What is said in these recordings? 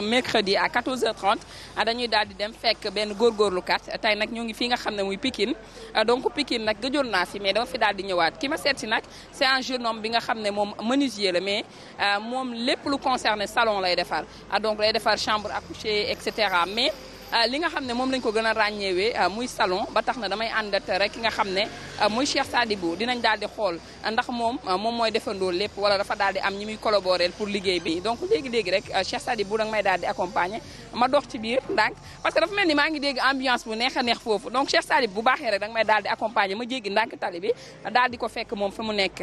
mercredi à 14h30 ah, dañuy daal di dem fekk benn góorgóorlu kat tey nag ñoo ngi fii nga xam ne muy Pikine ah, donc Pikine nag gëjoon naa fi mais dama fi daal di ñëwaat ki ma seet si nag c'est un jeune homme bi nga xam ne moom menuisier la mais ah, moom lépp lu concerné salon lay defar donc lay defar chambre à coucher et cetera mais Euh, li nga xam ne moom lañ ko gën a ràññeewee euh, muy salon ba tax na damay àndat rek ki nga xam ne euh, muy Cheikh Sadibou dinañ daal di xool ndax moom moom mooy defandoo lépp wala dafa daal di am ñi muy collaborer pour liggéey bi donc léegi-léegi rek Cheikh Sadibou danga may daal di accompagner ma dox ci biir ndànk parce que dafa mel ni maa ngi dégg ambiance bu neex a neex foofu donc Cheikh Sadibou bu baaxee rek danga may daal di accompagner ma jéggi ndànk tali bi daal di ko fekk moom fa mu nekk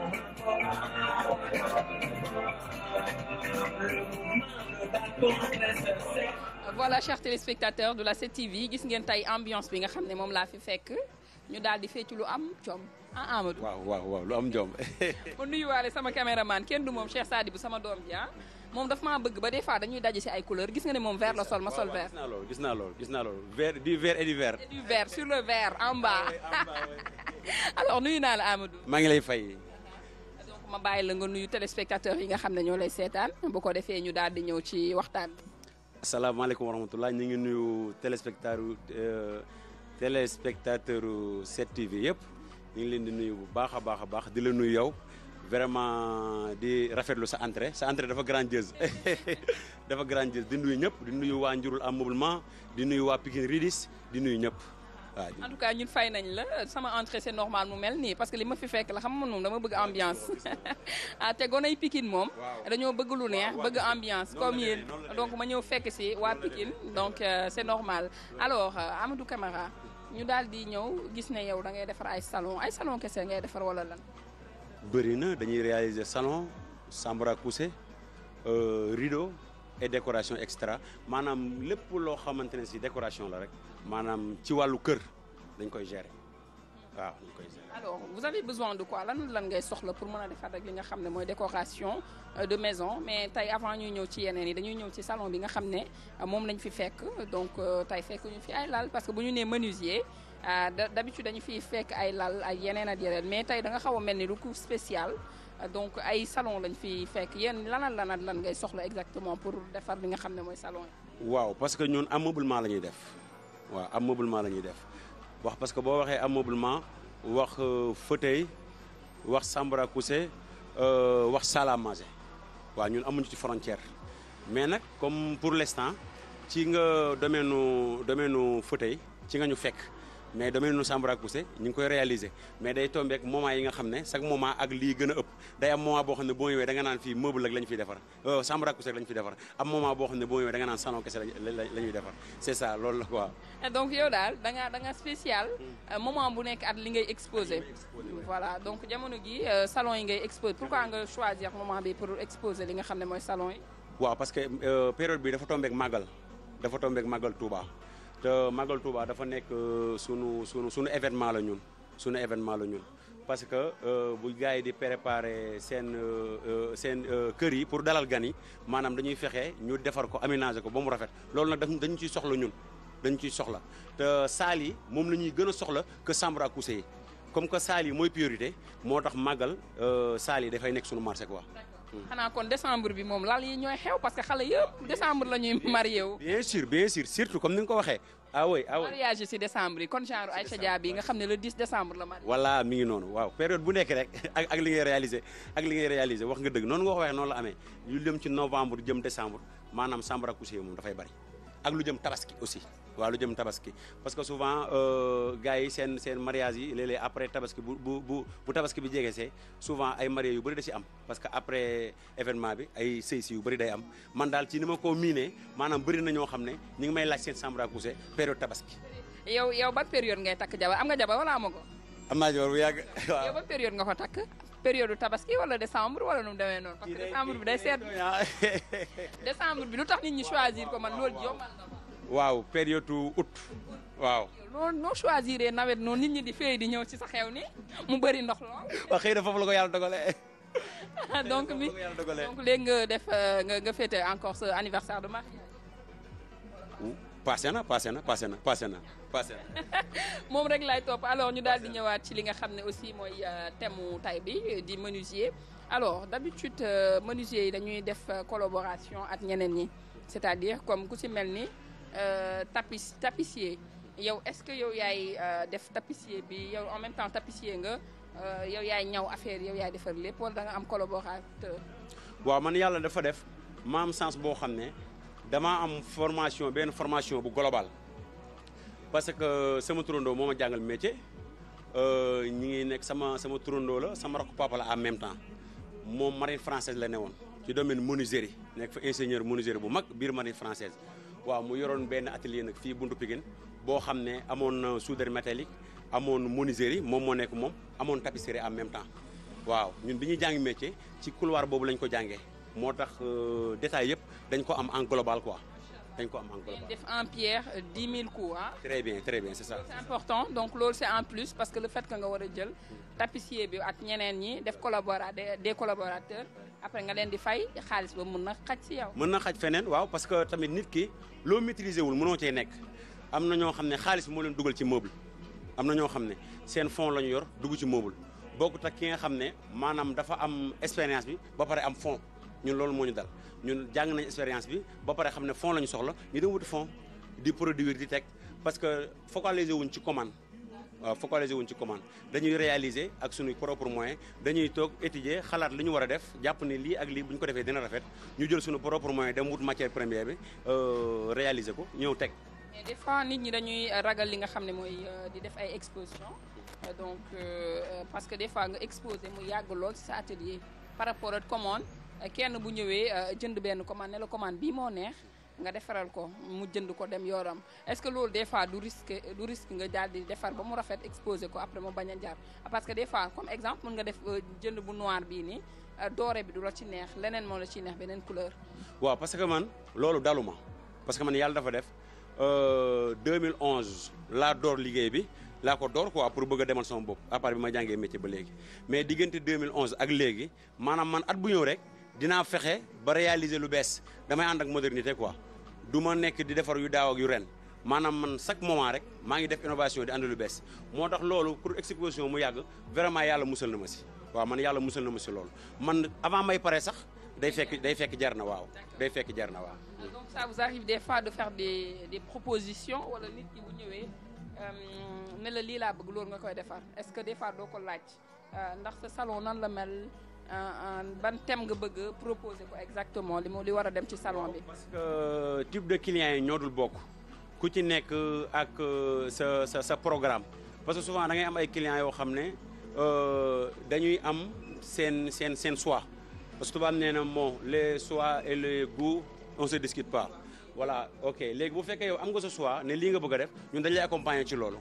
voilà chers téléspectateurs de la 7TV gis ngeen tey ambiance bi nga xam ne moom laa fi fekk ñu daal di fecc lu am jom ah Amadou. waaw waaw waaw lu am jom. mu nuyuwaale sama caméraman kenn du moom Cheikh Sadibou sama doom ji ah. moom daf maa bëgg ba des fois dañuy daje si ay couleur gis nga ne moom ver la sol ma sol vert. waaw waaw gis naa loolu gis naa loolu vert du vert et du vert. et du vert sur le vert en bas. Ah alors nuyu naa la Amadou. maa ngi lay fay. ma bàyyi la nga nuyu téléspectateurs yi nga xam ne ñoo lay seetaan bu ko defee ñu daal di ñëw ci waxtaan bi. asalaamaaleykum wa ñu ngi nuyu téléspectateur euh, téléspectateur 7TV yëpp ñu ngi leen di nuyu bu baax a baax a baax di la nuyu yow. vraiment di rafetlu sa entrée sa entrée dafa grandiose dafa grandiose di nuyu ñëpp di nuyu waa Njurul Ameublement di nuyu waa Pikine Ridis di nuyu ñëpp. en tout cas ñun fay nañ la sama entrée c'est normal mu mel nii parce que li ma fi fekk la xam man moom dama bëgg ambiance ah te gonay moom dañoo bëgg lu neex bëgg ambiance comme yéen donc ma ñëw fekk si waa Pikine donc euh, c'est normal alors euh, Amadou Camara ñu daal di ñëw gis ne yow da ngay defar ay salon ay salon kese ngay defar wala lan bëri na dañuy réaliser salon chambre euh, à rideau et décoration extra maanaam lépp loo xamante ne si décoration la rek maanaam ci wàllu kër dañ koy gérer waaw dañ koy gérer. alors vous avez besoin de quoi lan lan ngay soxla pour mën a defar rek li nga xam ne mooy décoration euh, de maison mais tey avant ñuy ñëw ci yeneen yi dañuy ñëw ci salon bi nga xam ne euh, moom lañ fi fekk donc euh, tey fekk ñu fi ay lal parce que bu ñu nee menuisier. d'habitude dañu fiy fekk ay lal ay yeneen ak yeneen mais tey danga nga xaw a mel ni lu coup spécial donc ay salon lañ fi fekk yéen lanal lanal lan ngay soxla exactement pour defar li nga xam ne mooy salon yi. waaw parce que ñun ameublement la ñuy def waaw ameublement la ñuy def wax parce que boo waxee ameublement wax euh, fauteuil wax chambre à coucher euh, wax salle à manger waaw ñun amuñu ci frontière mais nag comme pour l'instant ci nga domaine nu domaine nu fauteuil ci nga ñu fekk. mais domaine nu chambre à ñu koy réaliser mais day tombé ak yi nga xam ne chaque moment ak lii gën a ëpp day am moment boo xam ne boo ñëwee da nga euh, xam ne boo ñëwee da nga naan salon kese la ñuy defar c'est quoi. Euh, donc nga da nga spécial. Euh, moment bu nekk salon yi ngay exposé pourquoi nga choisir moment bi pour exposer li nga xam ne mooy salon yi. waaw parce que période bi dafa tombé ak màggal dafa tombé ak màggal te Magal Touba dafa nekk euh, sunu sunu sunu événement la ñun sunu événement la ñun parce que euh, bu gars yi di préparer seen euh, seen kër yi pour dalal gan yi maanaam dañuy fexe ñu defar ko aménager ko ba mu rafet loolu nag dañu ciy soxla ñun dañu ciy soxla te saali moom la ñuy gën a soxla que chambre à coucher yi comme que saal yi mooy priorité moo tax Magal saal yi dafay nekk sunu marché quoi. xanaa kon décembre bi moom lal yi ñooy xew parce que xale yëpp décembre la ñuy marié wu. bien sûr bien sûr surtout comme ni nga ko waxee. ah oui ah oui mariage si décembre yi kon genre Aïcha Dia bi nga xam ne le 10 décembre la marié. voilà mi ngi noonu waaw période bu nekk rek ak ak li ngay réalisé ak wax nga dëgg noonu nga ko waxee noonu la amee lu jëm ci novembre jëm décembre maanaam sàmbar ak moom dafay bari ak lu jëm tabaski aussi. waaw lu jëm tabaski parce que souvent euh, gars yi seen seen mariage yi léeg après tabaski bu bu bu bu tabaski bi jege jegesee souvent ay mariés yu bëri da si am parce que après événement bi ay sëy yu bëri day am man daal ci ni ma koo miinee maanaam bëri na ñoo xam ne ñu ngi may laaj seen chambre à coucher période tabaski. yow yow ban période ngay takk jabar am nga jabar wala amoo ko. am naa jabar bu yàgg waaw yow ban période nga ko takk. période tabaski wala décembre wala nu mu demee noonu. parce que décembre bi day sedd décembre bi lu tax nit man loolu yow. waaw période août waaw. noo noo nawet noonu nit ñi di fay di ñëw ci sa xew ni mu bëri ndox lool. xëy na foofu la ko yàlla dogalee. Ah, donc mi donc léegi nga def euh, nga nga fêté encore sa anniversaire de mariage. passé na passé na passé na passé na passé na. moom rek laay topp alors ñu daal di ñëwaat ci li nga xam ne aussi mooy euh, thème mu tay bi di menuisier alors d'habitude euh, menuisier yi dañuy def collaboration ak ñeneen ñi c'est-à-dire comme ku ci mel nii Euh, tapis tapissier yow est-ce que yow yaay euh, def tapissier bi yow en même temps tapissier nga euh, yow yaay ñaw affaire yow yaay defar lépp wala da nga am collaborateur. waaw man yàlla dafa def ma am sens boo xam ne damaa am formation benn formation bu global parce que sama turandoo moo ma jàngal métier ñi ngi nekk sama sama turandoo la sama rakk papa la en même temps moom marine française la ne newoon ci domaine menuiserie nekk fa ingénieur menuiserie bu mag biir marine française waaw mu yoroon benn atelier nag fii buntu Pikine boo xam ne amoon soudeur métallique amoon menuiserie moom moo nekk moom amoon tapisserie en même temps waaw ñun bi ñuy jàngi métier ci couloir boobu lañ ko jàngee moo tax euh, détail yëpp dañ ko am en global quoi dañ ko am en global. def en pierre 10 euh, mille coups ah. très bien très bien c'est ça. c'est important donc loolu c'est en plus parce que le fait que nga war a jël tapissier bi ak ñeneen ñi def collabora des collaborateur après nga leen di fay xaalis ba mën na xaj si yow. mën na xaj feneen waaw parce tamit nit ki loo maîtriser wul mënoo cee nekk am na ñoo xam ne xaalis moo leen dugal ci meuble am na ñoo xam ne seen fond la ñu yor dugg ci meuble bokkut ak ki nga xam ne maanaam dafa am expérience bi ba pare am fond ñu loolu moo ñu dal ñun jàng nañ expérience bi ba pare xam ne fond la ñu soxla ñu dem wuti fond di produire di teg parce que focaliser wuñ ci commande. Euh, focaliser wuñ ci commande dañuy réaliser ak suñu propre moyen dañuy toog étudier xalaat li ñu war a def jàpp ne lii ak lii bu ñu ko defee dina rafet ñu jël suñu propre moyen dem wut matière première bi euh, réaliser ko ñëw teg. mais des fois nit ñi dañuy ragal li nga xam ne mooy euh, di def ay exposition donc parce que des fois nga exposé mu yàgg lool ci sa atelier par rapport ak commande kenn bu ñëwee jënd benn commande ne la commande bii moo neex. nga defaral ko mu jënd ko dem yoram est-ce que loolu des fois du risque du risque nga daal di defar ba mu rafet exposé ko après mu bañ a jar parce que des fois comme exemple mën nga def euh, jënd bu noir bii nii euh, doore bi du la ci neex leneen moo la ciy neex beneen couleur. waaw parce que man loolu daluma parce que man yàlla dafa def 2011 euh, laa door liggéey bi laa ko door quoi pour bëgg a demal sama bopp à part bi ma jàngee métier ba léegi mais diggante 2011 ak léegi maanaam man at bu ñëw rek dinaa fexe. ba réaliser lu bees damay ànd ak modernité quoi du ma nekk di defar yu daaw ak yu ren maanaam man chaque moment rek maa ngi def innovation di ànd lu bees moo tax loolu pour exposition mu yàgg vraiment yàlla musal na ma si waaw man yàlla musal na ma si loolu man avant may pare sax day fekk day fekk jar na waaw day fekk jar na waaw. Ah, donc ça vous arrive des fois de faire des des propositions wala euh, la lii laa bëgg loolu nga koy defar est-ce que des fois doo ko laaj euh, ndax sa salon nan la mel. Euh, euh, ban thème nga bëgg proposer ko exactement li mu li war a dem ci salon bi. parce que euh, type de client yi ñoo dul bokk ku ci nekk ak sa sa sa programme parce que souvent da ngay am ay clients yoo xam ne dañuy am seen seen seen choix parce que tubaab nee na moo le choix et les goûts on se discute pas voilà ok léegi bu fekkee yow am nga sa choix ne lii nga bëgg def ñun dañ lay ci loolu.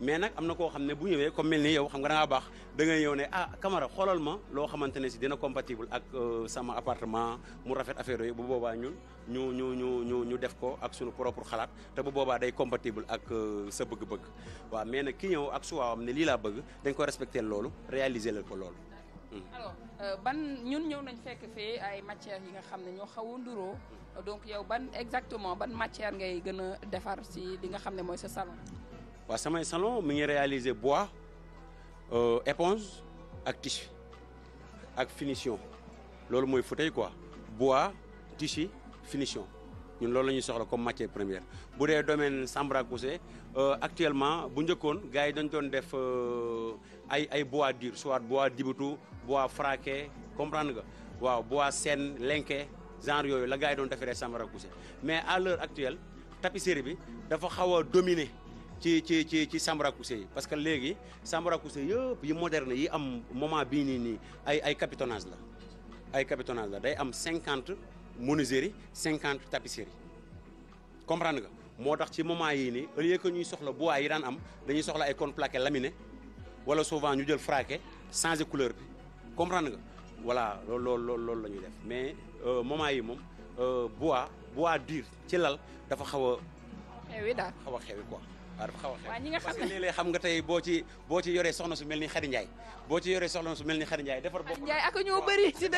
mais nag am na koo xam ne bu ñëwee comme mel ni yow xam nga da baax da ngay ñëw ne ah Camara xoolal ma loo xamante ne si dina compatible ak euh, sama appartement mu rafet affaire yooyu bu boobaa ñun ñu ñu ñu ñu ñu def ko ak suñu propre xalaat te bu boobaa day compatible ak euh, sa bëgg-bëgg waaw mais nag ki ñëw ak suwaawam ne lii laa bëgg dañ ko respecté loolu réaliser leen ko loolu. Hmm. Euh, ban ñun ñëw nañ fekk fee ay matières yi nga xam ne ñoo xaw a donc yow ban exactement ban matière ngay gën a defar si li nga xam ne mooy sa salon. waa samay salon mi ngi réaliser bois euh, éponge ak tissu ak finition loolu mooy fauteuil quoi bois tissu finition ñun loolu la ñuy soxla comme matière première bu dee domaine chambre euh, à actuellement bu njëkkoon gars yi dañ doon def euh, ay ay bois dur soit bois dibutu bois fraqué comprendre nga waaw bois seen lenke genre yooyu la gars yi doon defaree chambre à coucher mais à l'heure actuelle tapisserie bi dafa xaw a dominer ci ci ci ci chambres à yi parce que léegi chambres à coucher yi moderne yi am moment bii nii nii ay ay capitonnage la ay capitonnage la day am cinquante menuiseries cinquante tapisseries comprendre nga moo tax ci moment yii nii au lieu que ñuy soxla bois yi daan am dañuy soxla ay contre lamine laminé wala souvent ñu jël fraqué changer couleur bi comprendre nga voilà loolu loolu la ñuy def mais euh, moment yi moom euh, bois bois dur ci lal dafa xaw a. xewi daal xaw a xewi quoi. waaw xaw a xam ne parce que léeg xam nga tey boo ci boo ci yoree soxna su mel ni Khady Ndiaye boo ci yoree soxna su mel ni Khady Ndiaye defar bopp Ndiaye ak ñoo bëri ci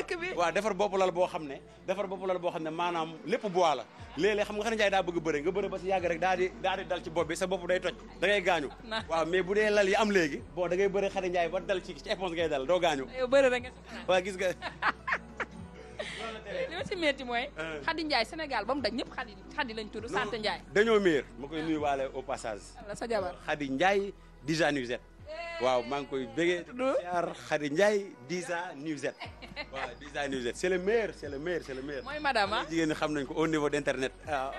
lal boo xam ne defar bopp lal boo xam ne maanaam lépp bois la léeg-léeg xam nga Khady Ndiaye daa bëgg bëri nga bëri ba si yàgg rek daa di daa di dal ci bopp bi sa bopp day toj da ngay gaañu waaw mais bu dee lal yi am léegi bon da ngay bëri Khady Ndiaye ba dal ci ci éponge ngay dal doo gaañu waaw gis ga li ma si métti mooy. Euh. Khady Ndiaye Sénégal ba mu daj ñëpp Khady Khady lañ tudd sant Ndiaye. dañoo miir ma koy nuyuwaale au passage. la sa jabar Khady Ndiaye Dija Newzet. Eh. waaw maa ngi koy bëggee. siyaar Khady Ndiaye Dija Newzet. waaw Dija Newzet c'est le meilleur c'est le le meilleur. mooy madame ah jigéen xam nañ ko au niveau d'internet waaw.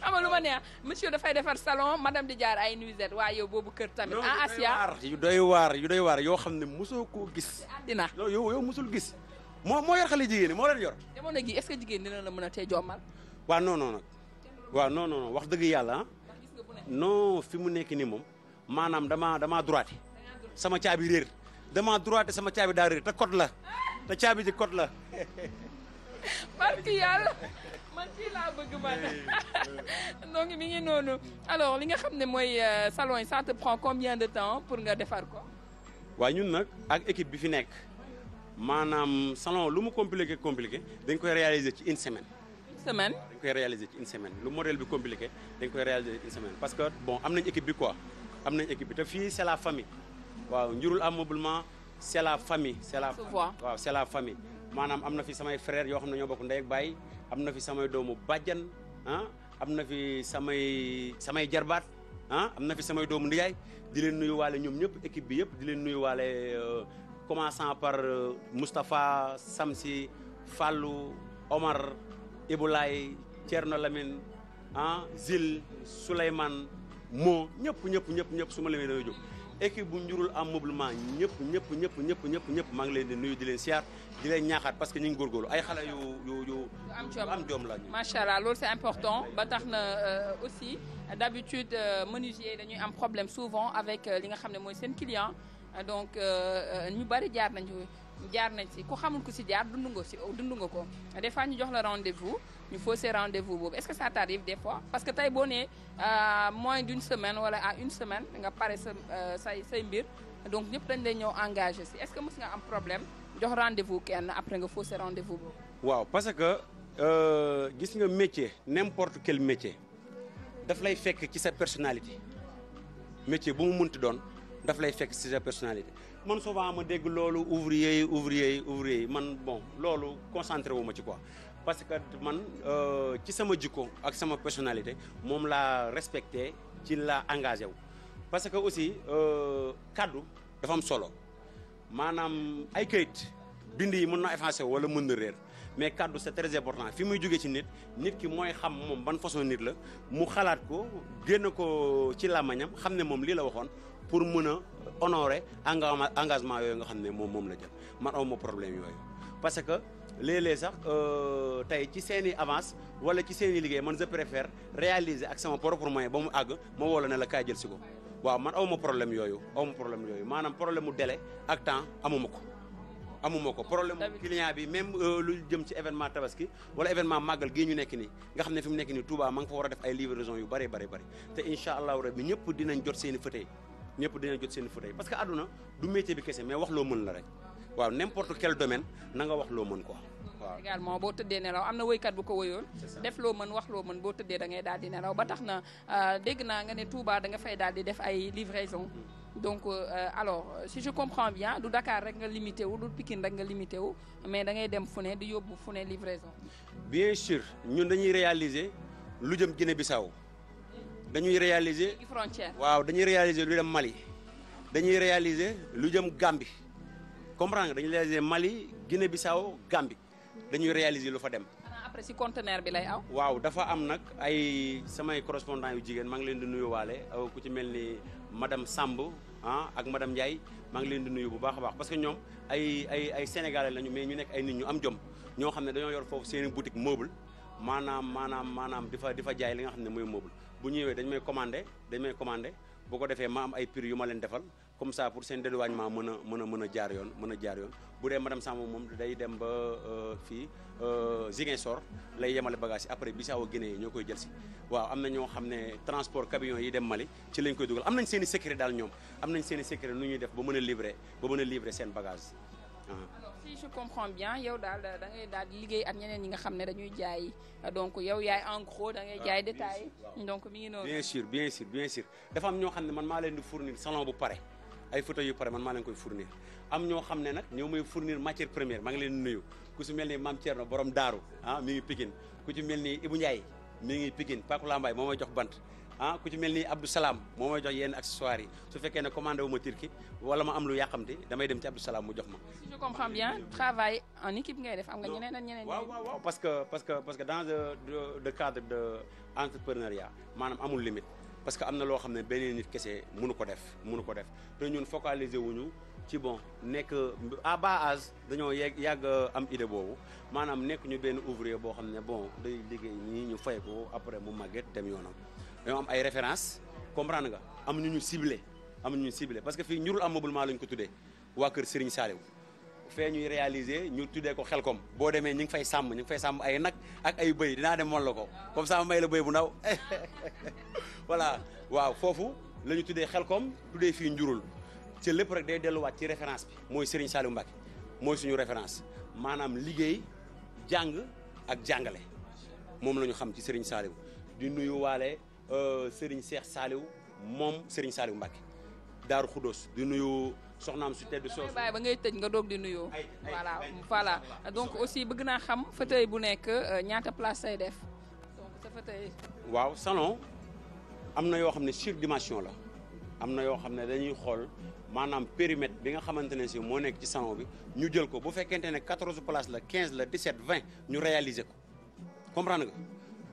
xam nga monsieur dafay defar salon madame di jaar ay nuisette waaye yow boobu kër tamit. en ah, asia yu doy waar yu doy waar yoo xam ne mosoo koo gis. dina yow yow mosul gis. moo moo yor xale jigéen moo leen yor. jamono gi est-ce que jigéen dina la mën a tee jommal. waa non non nag waaw non non wax dëgg yàlla ah. fi mu nekk nii moom maanaam damaa damaa droite sama caabi réer damaa droite sama caabi daal réer te code la te caabi ji code la. barki yàlla man kii laa bëgg man donc mi ngi noonu alors li nga xam ne mooy euh, salon yi ça te prend combien de temps pour nga defar ko. waaye ñun nag ak équipe bi fi nekk. maanaam salon lu mu compliqué compliqué dañ koy réaliser ci une semaine. une semaine dañ ci une semaine lu modèle bi compliqué dañ koy réaliser ci une semaine parce que bon am nañ équipe bi quoi am nañ équipe bi te fii c'est la famille waaw njurul ameublement c'est la famille. c'est la waaw c'est la famille. maanaam am na fi samay frères yoo xam ne ñoo bokk ndey ak baay am na fi samay doomu bàjjan ah am na fi samay samay jarbaat ah am na fi samay doomu ndiyaay di leen waale ñoom ñëpp équipe bi yëpp di leen nuyuwaale. Euh, commençant par euh, Moustapha Samsi Fallou Omar Iboulaye Thierno Lamine ah Zil Souleymane Mo ñëpp ñëpp ñëpp ñëpp su ma lemee damay jóg équipe bu njurul am mobilement ñëpp ñëpp ñëpp ñëpp ñëpp ñëpp maa ngi leen di nuyu dileen leen siyaar di leen parce que ñu ngi góorgóorlu ay xale yu yu yu am joom la macha allah loolu c'est important ba tax na euh, aussi d'habitude euh, menuisier dañuy am problème souvent avec li nga xam ne mooy seen client donc euh, euh, ñu bari jaar nañ jaar nañ si ku xamul ku si jaar dund nga si dund nga ko des fois ñu jox la rendez-vous ñu faussé rendez-vous boobu est-ce que ça t'arrive des fois parce que tey boo nee euh, moins d'une semaine wala à une semaine nga pare sa say mbir donc ñëpp dañ lay ñëw engagé si est-ce que mës nga am problème jox rendez-vous kenn après nga faussé rendez-vous boobu. waaw parce que gis nga métier n'importe quel métier daf lay fekk ci sa personnalité métier bu mu mënti doon. daf lay fekk si sa personnalité man souvent ma dégg loolu ouvrier yi ouvrier yi ouvrier yi man bon loolu concentré wu ma ci quoi parce que man euh, ci sama jikko ak sama personnalité moom laa respecte ci laa engagé wu parce que aussi euh, kaddu dafa am solo maanaam ay kayit bind yi mën na effacé wala mën na mais kaddu c'est très important fi muy jógee ci nit nit ki mooy xam moom ban façon nit la mu xalaat ko génn ko ci làmmañam xam ne moom lii la waxoon pour mën a honorer engagement yooyu nga xam ne moom moom la jël man aw ma problème yooyu parce que léeg sax euh, tey ci seen i avance wala ci seen i liggéey man je préfère réaliser ak sama propre moyen ba mu àgg ma woo na la kaay jël si ko waaw man aw ma problème yooyu aw ma problème yooyu maanaam problème mu délai ak temps amuma ko amuma ko problème client bi même euh, lu jëm ci événement tabaski wala événement màggal gii ñu nekk nii nga xam ne fi mu nekk nii Touba ma nga a def yu bëree bëri bëri te incha allahu rabi ñëpp dinañ jot seen i ñëpp dinañ jot seen fauteuil parce que àdduna du métier bi kese mais wax loo mën la rek waaw n'importe quel domaine na wax loo mën ko waaw. boo tëddee nelaw am na woykat bu ko woyoon. def loo mën wax loo mën boo tëddee da ngay daal di nelaw ba tax na euh, dégg naa nga ne tuubaa danga nga fay daal di def ay livraison mm. donc euh, alors si je comprends bien du dakaar rek nga limité wu du Pikine rek nga limité mais dangay dem fu ne di yóbbu fu ne livraison. bien sûr ñun dañuy réaliser lu jëm Guinée-Bissau dañuy réaliser frontière waaw dañuy réaliser lu dem Mali dañuy réaliser lu jëm Gambie comprendre nga dañuy réaliser Mali Guinée Bissau Gambie dañuy réaliser lu fa dem. après si conteneur bi lay aw. waaw dafa am nag ay samay correspondant yu jigéen maa ngi leen di waale nuyuwaale ku ci mel ni madame Samb ah ak madame Ndiaye maa ngi leen di nuyu bu baax a baax parce que ñoom ay ay ay sénégalais lañu mais ñu nekk ay nit ñu am jom ñoo xam ne dañoo yor foofu seen i boutique maanaam maanaam maanaam di fa di fa jaay li nga xam ne mooy meuble. bu ñëwee dañ may commandé dañ may commandé bu ko defee ma am ay prix yu ma leen defal comme ça pour seen dédouanement mën a mën a mën a jaar yoon mën a jaar yoon bu dee madame Samb moom day dem ba euh, fii euh, Ziguinchor lay yemale bagage yi après Bissau Guinée ñoo koy jël si waaw am na ñoo xam ne transport camion yi dem Mali ci lañ koy dugal am nañ seen i daal ñoom am nañ seeni i secret nu ñuy def ba mën a livrer ba mën a livrer seen bagage ah. si je comprends bien yow daal da daal di liggéey ak ñeneen ñi nga xam ne dañuy jaay donc yow yaay en gros da ngay ah, jaay détail donc mi ngi noonu. bien sûr bien sûr bien sûr am ñoo xam ne man maa leen di fournir salon bu pare ay photos yu pare man maa leen koy fournir am ñoo xam ne nag ñoo may fournir matière première maa leen nuyu ku si mel ni Mame Thierno borom daaru ah mi ngi Pikine ku ci mel ni Ibou Ndiaye mi ngi Pikine Paku Lambaye moo may jox bant ah ku ci mel ni Abdou salaam moo may jox yenn accessoires yi su fekkee ne commandé wu ma Turquie wala ma am lu yàqamti damay dem ci Abdou Salam mu jox ma. si je comprends bien travail ngay def am nga ñeneen ak ñeneen. waaw waaw waaw parce que parce que parce que dans le de cadre maanaam amul limite. parce que am na loo xam ne benn nit kese mënu ko def mënu ko def ñun focaliser wuñu ci bon nekk à bas dañoo yegg yàgg am idée boobu maanaam nekk ñu benn ouvrier boo xam ne bon day liggéey ñii ñu fay ko après mu màgget dem yoonam. dañoo am ay référence comprendre nga am ñu ñu ciblé am ñu ñu ciblé parce que fii ñurul ameublement lañ ko tuddee waa kër Serigne Saliou fee ñuy réaliser ñu tuddee ko xel xelkom boo demee ñu ngi fay sàmm ñu ngi fay sàmm ay nag ak ay bëy dinaa dem won la ko comme ça la bëy bu ndaw voilà waaw foofu la ñu tuddee xelkom tuddee fii njurul ci lépp rek day delluwaat ci référence bi mooy Serigne Saliou Mbacké mooy suñu référence maanaam liggéey jàng ak jàngale moom la ñu xam ci Serigne Saliou di nuyu waale Euh, Serigne Cheikh Saliou moom Serigne Saliou Mbacke Daaru Xuddoos di nuyu soxnaam su tedd soosu. bàyyi ba ngay tëj nga doog di nuyoo. voilà voilà donc aussi bëgg naa xam fauteuil bu nekk euh, ñaata place say def donc waaw salon am na yoo xam ne dimension la am na yoo xam ne dañuy xool maanaam périmètre bi nga xamante ne si moo nekk ci salon bi ñu jël ko bu fekkente ne 14 place la quinze la 17 20 ñu réaliser ko comprendre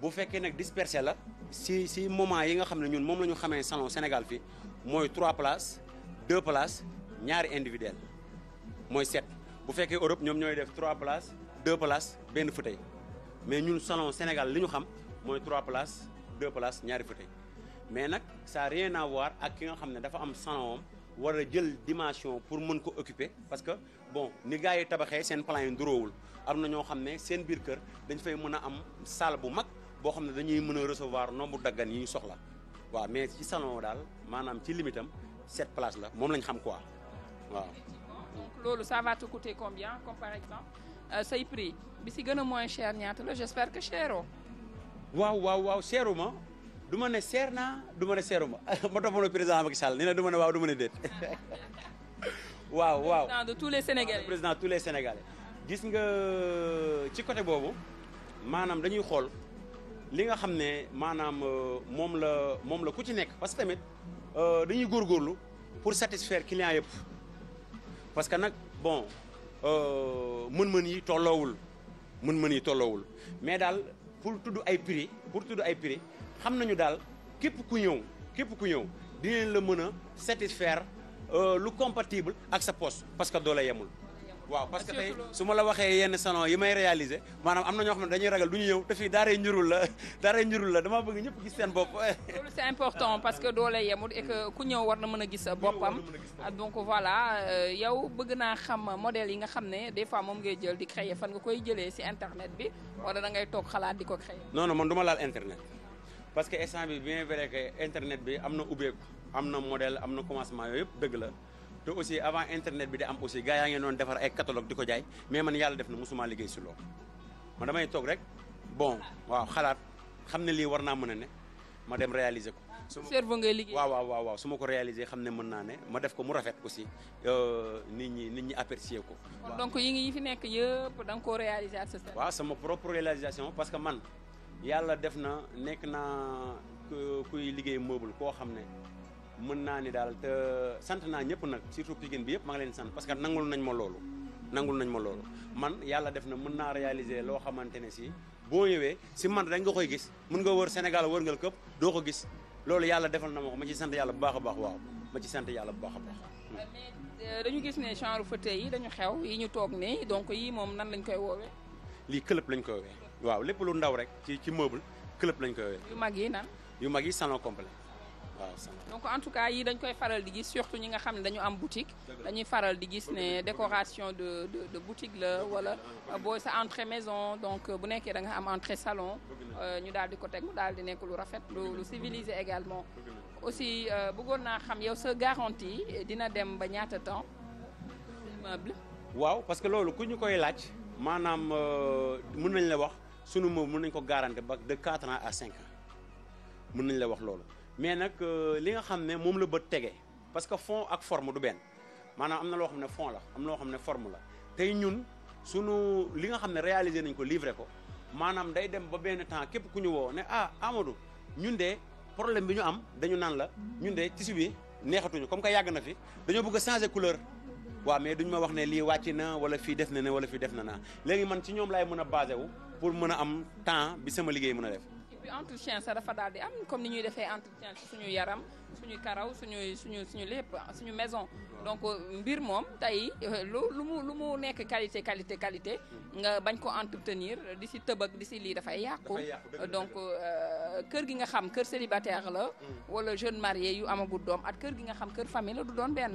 bu fekkee nag dispersé la. si si moment yi nga xam ne ñun moom la ñu xamee salon Sénégal fii mooy trois place deux place ñaari individuel mooy sept bu fekkee Europe ñoom ñooy def trois places deux place benn fauteuil mais ñun salon Sénégal li ñu xam mooy trois places deux places ñaari fauteuil mais nag ça a rien à ak ki nga xam ne dafa am salon war a jël dimension pour mën ko occuper parce que bon ni gars yi tabaxee seen plan yi nduroowul am na ñoo xam ne seen biir kër dañ fay mën a am salle bu mag. boo xam ne dañuy mën a recevoir nombre daggan yi ñu soxla waaw mais ci salon daal maanaam ci limitam sept places la moom lañ xam quoi waaw. donc loolu ça va te coûter combien comme par exemple euh, say prix bi si gën a moins cher ñaata la j'espère que cheroo. waaw waaw waaw cheru ma du ma ne seer naa du ma ne seeru ma ma toppandoo président Macky Sall nee na du ma ne waaw du ma ne déet waaw waaw président de tous les Sénégalais président tous les Sénégalais. gis nga ci côté boobu maanaam dañuy xool. li nga xam ne maanaam euh, moom la moom la ku ci nekk parce que tamit euh, dañuy góor góorlu pour satisfaire client yëpp parce que nag bon euh, mën-mën yi tolloowul mën-mën yi tolloowul mais daal pour tudd ay prix pour tudd ay prix xam nañu daal képp ku ñëw képp ku ñëw dinañ la mën a satisfaire lu compatible ak sa poste parce que doo yemul waaw parce que tey su ma la waxee yenn salon yi may réaliser maanaam am na ñoo xam ne dañuy ragal du ñu ñëw te fii daaree njurul la daaree njurul la dama bëgg ñëpp gis seen bopp. loolu c'est parce que doole yemul et que ku ñëw war na mën a gis boppam. donc voilà euh, yow bëgg naa xam modèle yi nga xam ne des fois moom ngay jël di créer fan nga koy jëlee si internet bi wala da ngay toog xalaat di ko créer. noonu non man ma laal internet parce que instant bi bien vrai que internet bi am na ubbeeku am na modèle am na commencement yooyu yëpp dëgg la. te aussi avant internet bi di am aussi gars yaa ngeen doon defar ay catalogue di ko jaay mais man yàlla def na mosuma liggéey si loolu man damay toog rek bon waaw xalaat xam ne lii war naa mën a ne ma dem réaliser ko. cerveau ngay liggéey waaw waaw waaw su ko réaliser xam ne mën naa ne ma def ko mu rafet aussi euh, nit ñi nit ñi apprécier ko. waaw donc yi ngi yi fi nekk yëpp da nga koo réaliser ak sa. waaw sama propre réalisation parce que man yàlla def na nekk naa kuy liggéey meuble koo xam ne. mën naa ni daal te sant naa ñëpp nag surtout Pikine bi yëpp maa leen sant parce que nangul nañ ma loolu nangul nañ ma loolu man yàlla def na mën naa réaliser loo xamante ne si boo ñëwee si man rek nga koy gis mën nga wër Sénégal wërngal këpp doo ko gis loolu yàlla defal na ma ko ma ci sant yàlla bu baax a baax waaw ma ci sant yàlla bu baax a baax euh, euh, dañu gis ne genre fa yi dañu xew yi ñu toog ne donc yi moom nan lañ koy woowee lii club lañ koy woowee waaw lépp lu ndaw rek ci ci meuble club lañ koy woowee yu mag yu mag yi donc en tout cas yi dañ koy faral di gis surtout ñi nga xam ne dañu am boutique dañuy faral di gis ne décoration de de, de boutique la wala ah, boo sa entrée maison donc bu nekkee da nga am entrée salon euh, ñu daal di ko teg mu daal di nekk lu rafet lu lu également aussi euh, bëggoon naa xam yow sa garantie dina dem ba ñaata temps meuble waaw parce que loolu ku ñu koy laaj maanaam euh, mën nañ la wax sunu meuble mun nañ ko garantir ba de 4 ans à 5 ans mën nañ la wax loolu mais nag euh, li nga xam ne moom la bët tege parce que fond ak forme du benn maanaam am na loo xam ne fond la am na loo xam ne forme la tey ñun sunu li nga xam ne réaliser nañ ko livré ko maanaam day dem ba benn temps képp ku ñu woo ne ah Amadou ñun de problème bi ñu am dañu naan la ñun de tissu bi neexatuñu comme que yàgg na fi dañoo bëgg a changer couleur waaw mais duñ ma wax ne lii wàcc na wala fii def na ne wala fii def na naa léegi man ci ñoom laay mën a basé pour mën a am temps bi sama liggéey mën a def. puis entretien sax dafa daal di am comme ni ñuy defee entretien ci suñu yaram suñu karaw suñu suñu suñu lépp suñu maison donc euh, mbir moom tey euh, lu lu mu lu mu nekk qualité qualité qualité nga bañ ko entretenir di si tëbëg di si lii dafay yàqu donc euh, kër gi nga xam kër célibataire la mm. wala jeune marié yu amagul doom ak kër gi nga xam kër famille la du doon benn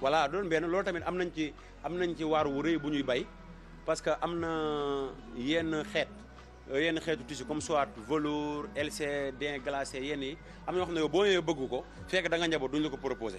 voilà du doon benn loolu tamit am nañ ci am nañ ci waar wu rëy bu ñuy bay parce que am na yenn xeet Euh, yenn xeetu tissu comme soit velours LC den glacé yenn yi am na xam ne yow boo ñëwee bëgg ko fekk danga njaboot duñ la ko proposé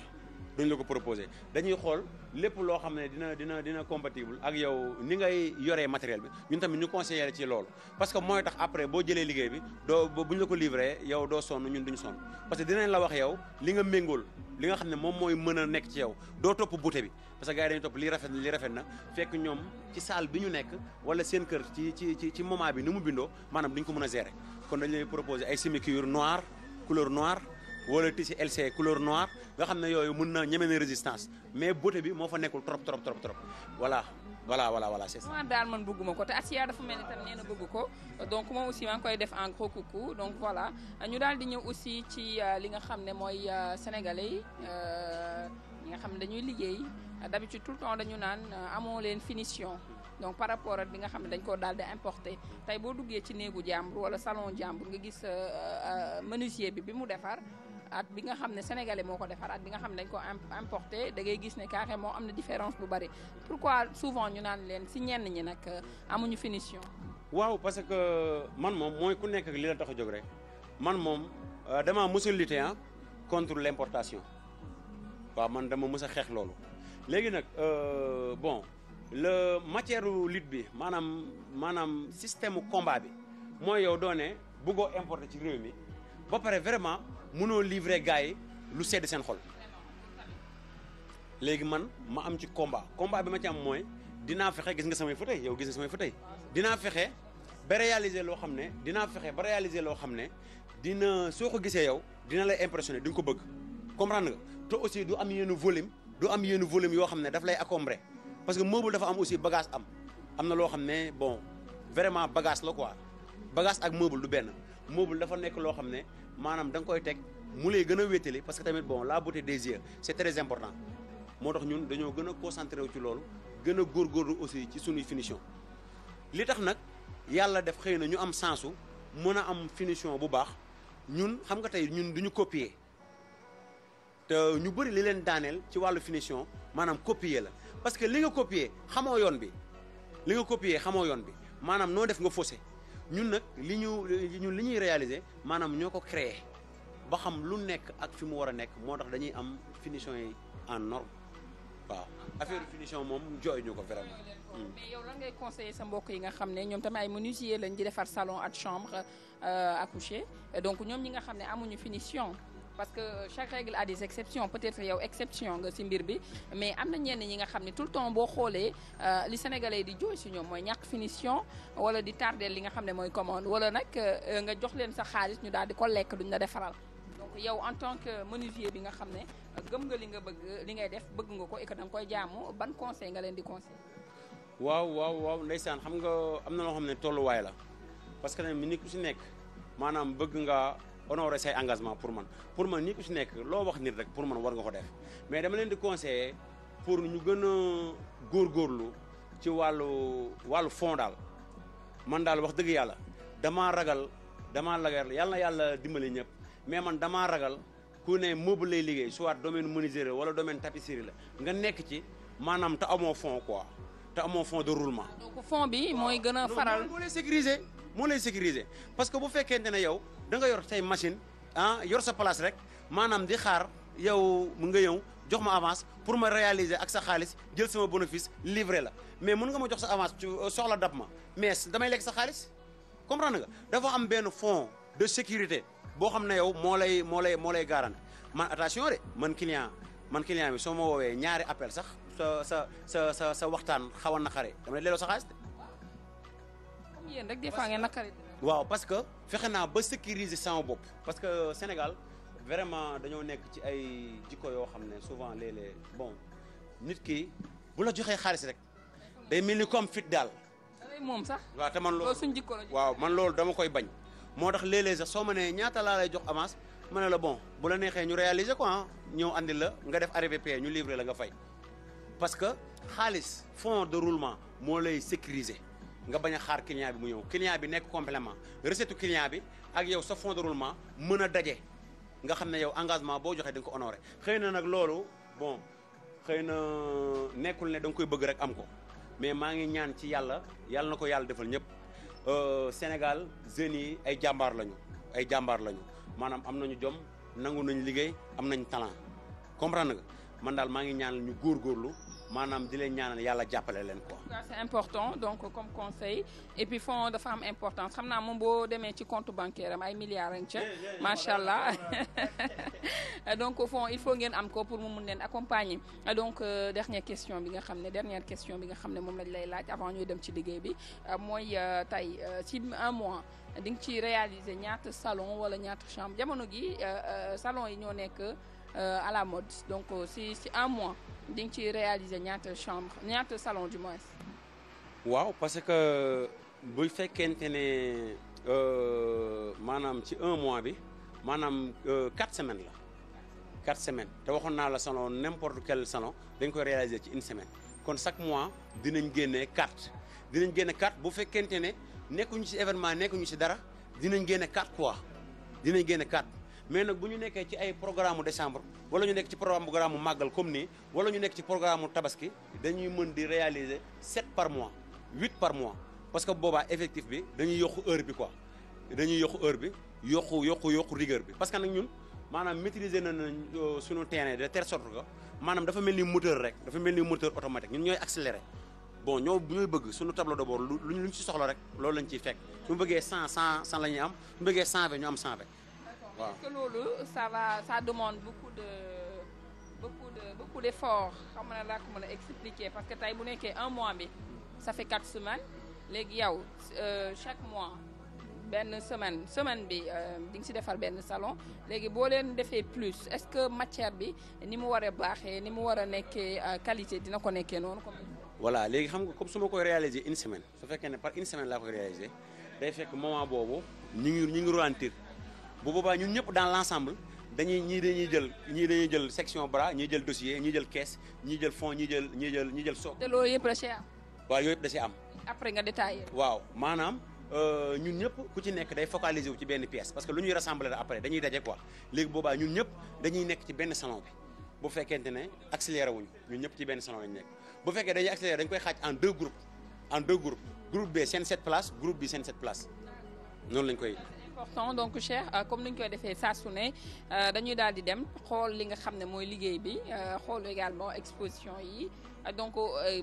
duñ la ko proposé dañuy xool lépp loo xam ne dina dina dina compatible ak yow ni ngay yoree matériel bi ñun tamit ñu conseillé ci lool parce que mooy tax après boo jëlee liggéey bi doo buñ la ko livré yow doo sonn ñun duñ sonn parce que dinañ la wax yow li nga méngool li nga xam ne moom mooy mën a nekk ci yow doo topp buté bi parce que gars yi dañuy topp lii rafet na na fekk ñoom ci salle bi ñu nekk wala seen kër ci ci ci ci moment bi ni mu bindoo maanaam duñ ko mën a gérer kon dañ lay proposer ay simicure noir couleur noire wala el LC couleur noire nga xam ne yooyu mën naa ñeme na résistance mais beauté bi moo fa nekkul trop trop trop trop voilà voilà voilà voilà c'est ça. daal man bëgguma ko te Asia dafa mel ni tam nee na ko donc moom aussi maa ngi koy def en gros coucou donc voilà ñu daal di ñëw aussi ci euh, li nga xam ne mooy euh, sénégalais yi euh, nga xam dañuy liggéey. d'habitude tout le temps dañu naan euh, amoo leen finition donc par rapport ak bi nga xam ne dañ koo daal di importer tey boo duggee ci néegu jàmbur wala salon jàmbur nga gis euh, euh, menuisier bi bi mu defar ak bi nga xam ne sénégalais moo ko defar ak bi nga xam ne dañ ko importé da ngay gis ne carrément am na différence bu bari pourquoi souvent ñu naan leen si ñenn ñi nag amuñu finition. waaw parce que man moom mooy ku nekk li la a jóg rek man moom damaa mës a lutter contre l'importation waaw man dama mës a xeex loolu. léegi nag euh, bon le matière lutte bi maanaam maanaam système combat bi mooy yow doo ne bëggoo importer ci réew mi ba pare vraiment munoo livrer gars yi lu sedd seen xol léegi man ma am ci combat combat bi ma ci mooy dinaa fexe gis nga samay fauteuil yow gis nga samay fauteuil dinaa fexe ba réaliser loo xam ne dinaa fexe ba réaliser loo xam ne dina soo ko gisee yow dina lay impressionné di ko bëgg comprendre nga te aussi du am yenn volume. du am yenn volume yoo xam ne daf lay encombré parce que meuble dafa am aussi bagage am am na loo xam ne bon vraiment bagage la quoi bagage ak meuble du benn meuble dafa nekk loo xam ne maanaam danga koy teg mu lay gën a wétali parce que tamit bon la beauté des yeux c'est très important moo tax ñun dañoo gën a concentré wu ci loolu gën a góor góorgóorlu aussi ci sunuy finition li tax nag yàlla def xëy na ñu am sensu mun a am finition bu baax ñun xam nga tey ñun du ñu te ñu bëri li leen daaneel ci wàllu finition maanaam copier la parce que li nga copier xamoo yoon bi li nga copier xamoo yoon bi maanaam noo def nga faussé ñun nag li ñu ñun li ñuy réaliser maanaam ñoo ko créer ba xam lu nekk ak fi mu war a nekk moo tax dañuy am finition yi en norme waaw affaire finition moom jooy ñu ko vraiment. Hmm. mais yow lan ngay conseiller sa mbokk yi nga xam ne ñoom tamit ay menuisier lañ di defar salon ak chambre euh, à coucher donc ñoom ñi nga xam ne amuñu finition. parce que chaque règle a des exceptions peut-être yow exception nga ci mbir bi mais am na ñenn ñi nga xam ne tout le temps boo xoolee euh, li sénégalais di jooy si ñoom mooy ñàkk finition wala di tardeel li nga xam ne mooy commande wala nag euh, nga jox leen sa xaalis ñu daal di ko lekk duñ la defaral donc yow en tant que menuisier bi nga xam ne gëm nga li nga bëgg li ngay def bëgg nga ko et que da nga koy jaamu ban conseil nga leen di conseil waaw waaw waaw ndeysaan xam nga am na ne tolluwaay la parce que nag mi ni nekk maanaam bëgg nga honorer say engagement pour man pour man ñi ku si nekk loo wax nit rek pour man war nga ko def mais dama leen di conseiller pour ñu gën a góor góorlu ci wàllu wàllu fond daal man daal wax dëgg yàlla damaa ragal damaa lagal yàlla yàlla dimbali ñëpp mais man damaa ragal ku ne meuble lay liggéey soit domaine menuiserie wala domaine tapisserie la nga nekk ci maanaam te amoo fon quoi te amoo fond de roulement. donc fond bi mooy gën a faral. moo lay sécuriser parce que bu fekkente ne yow da yor say machine ah yor sa place rek maanaam di xaar yow mu nga ñëw jox ma avance pour ma réaliser ak sa xaalis jël sama bénéfice livré la mais mun nga ma jox sa avance euh, soxla dab ma mais damay lekk sa xaalis comprendre nga dafa am benn fonds de sécurité boo xam ne yow moo lay moo lay moo lay garanti man attention de man client man client bi soo woowee ñaari appel sax sa sa sa sa waxtaan xawoon na xare dama lay yéen rek des fois waaw parce que fexe naa ba sécuriser sama bopp parce que Sénégal vraiment dañoo nekk ci ay jikko yoo xam ne souvent léeg-léeg bon nit ki bu la joxee xaalis rek day mel ni comme fit daal. moom sax. waaw man loolu suñu jikko waaw man loolu dama koy bañ. moo tax léeg sax soo ma nee ñaata laa lay jox avance ma ne la bon bu la neexee ñu réaliser quoi ñëw andi la nga def arrivé ñu livrer la nga fay parce que xaalis fonds de roulement moo lay sécuriser. nga bañ a xaar client bi mu ñëw client bi nekk complément recette client bi ak yow sa fond de mën a daje nga xam ne yow engagement boo joxee da ko honoré xëy na nag loolu bon xëy na nekkul ne danga koy bëgg rek am ko mais maa ngi ñaan ci yàlla yàlla na ko yàlla defal ñëpp euh, Sénégal jeunes yi ay jàmbaar lañu ay jàmbaar lañu maanaam am nañu jom nangu nañ liggéey am nañ talent comprendre nga man daal maa ngi ñaan ñu góor góorlu maanaam di leen ñaanal yàlla jàppale leen ko. c'est important donc comme conseil et puis dafa am importance xam naa moom boo demee ci compte bancaire ay milliards lañ ca macha allah donc fonds il faut ngeen am ko pour mu mun leen accompagner donc euh, dernière question bi nga xam ne dernière question bi nga xam ne moom lañ lay laaj avant ñuy dem ci liggéey bi euh, mooy euh, tey ci un mois di nga ci réaliser ñaata salon wala ñaata chambre jamono gi salon yi ñoo nekk. Euh, à la mode donc euh, si si un mois di nga ciy réaliser ñaata chambre ñaata salon du moins. waaw parce que bu fekkente ne euh, maanaam ci un mois bi maanaam quatre semaines la quatre semaine te waxoon naa la salon n'importe quel salon dañ koy réaliser ci une semaine kon chaque mois dinañ génne carte dinañ génne carte bu fekkente ne nekkuñu ci événement nekkuñu ci dara dinañ génne carte quoi dinañ génne carte. mais nag bu ñu nekkee ci ay programme décembre wala ñu nekk ci programme mu màggal comme nii wala ñu nekk ci programme mu tabaski dañuy mën di réaliser sept par mois huit par mois parce que boobaa effectif bi dañuy yokk heure bi quoi dañuy yokku heure bi yokku yokk yokku rigueur bi parce que nag ñun maanaam maîtriser na euh, suñu terrain de telle sorte que maanaam dafa mel ni moteur rek dafa mel ni moteur automatique ñun ñooy accélérer bon ñoo ñooy bëgg suñu tableau de bord lu luñ ci soxla rek loolu lañ ciy fekk su mu cent cent cent la ñuy am su mu bëggee am cent vingt waaw loolu ça va ça demande beaucoup de beaucoup de beaucoup d'efforts xam na laa ko mën a expliquer parce que tey bu nekkee un mois bi ça fait quatre semaines léegi yow euh, chaque mois benn semaine semaine bi euh, di nga si defar benn salon léegi boo leen defee plus est-ce que matière bi ni mu war a baaxee ni mu war a nekkee euh, qualité dina ko nekkee noonu comme. voilà léegi xam nga comme su ma koy réaliser une semaine su fekkee ne par une semaine laa koy réaliser day fekk moment boobu ñu ngi ñu ngi bu boobaa ñun ñëpp dans l' ensemble dañuy ñii dañuy jël ñii dañuy jël section bras ñii jël dossier ñii jël caisse ñu jël fonds ñii jël ñii jël ñii jël soog. te loolu yëpp da see am. waaw yooyu yëpp am. après nga détaillé. waaw maanaam euh, ñun ñëpp ku ci nekk day focaliser wu ci benn pièce parce que lu ñuy rassembler après dañuy daje quoi léegi boobaa ñun ñëpp dañuy nekk ci benn salon bi. bu fekkente ne accéléré wuñu ñun ñëpp ci benn salon lañ nekk bu fekkee dañuy accéléré dañ koy xaaj en deux groupes en deux groupes groupe B seen sept groupe bi seen sept places noonu lañ koy. important donc Cheikh euh, comme ni ñu koy defee saa su ne euh, dañuy daal di dem xool li nga xam ne mooy liggéey bi euh, xool également exposition yi donc